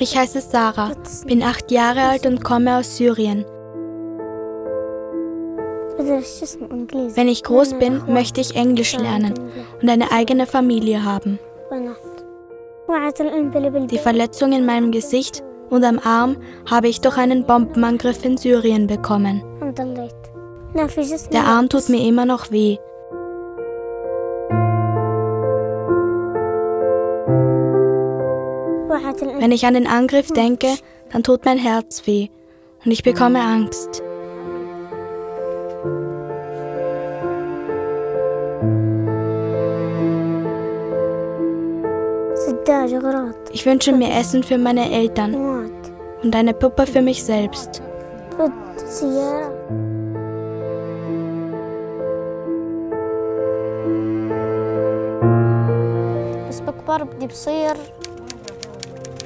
Ich heiße Sarah, bin acht Jahre alt und komme aus Syrien. Wenn ich groß bin, möchte ich Englisch lernen und eine eigene Familie haben. Die Verletzung in meinem Gesicht und am Arm habe ich durch einen Bombenangriff in Syrien bekommen. Der Arm tut mir immer noch weh. Wenn ich an den Angriff denke, dann tut mein Herz weh und ich bekomme Angst. Ich wünsche mir Essen für meine Eltern und eine Puppe für mich selbst.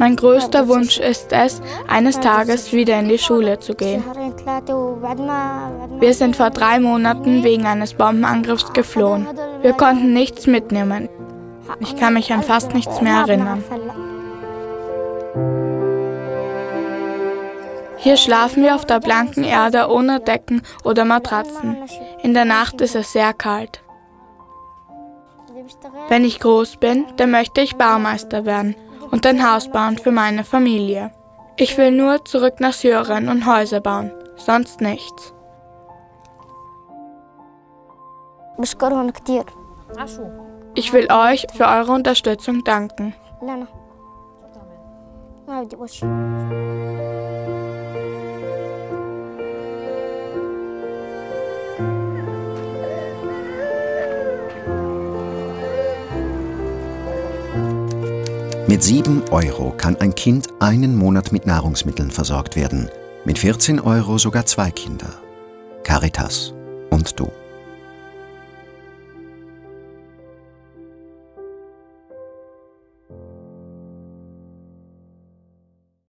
mein größter Wunsch ist es, eines Tages wieder in die Schule zu gehen. Wir sind vor drei Monaten wegen eines Bombenangriffs geflohen. Wir konnten nichts mitnehmen. Ich kann mich an fast nichts mehr erinnern. Hier schlafen wir auf der blanken Erde ohne Decken oder Matratzen. In der Nacht ist es sehr kalt. Wenn ich groß bin, dann möchte ich Baumeister werden und ein Haus bauen für meine Familie. Ich will nur zurück nach Syrien und Häuser bauen, sonst nichts. Ich will euch für eure Unterstützung danken. Mit 7 Euro kann ein Kind einen Monat mit Nahrungsmitteln versorgt werden. Mit 14 Euro sogar zwei Kinder. Caritas und du.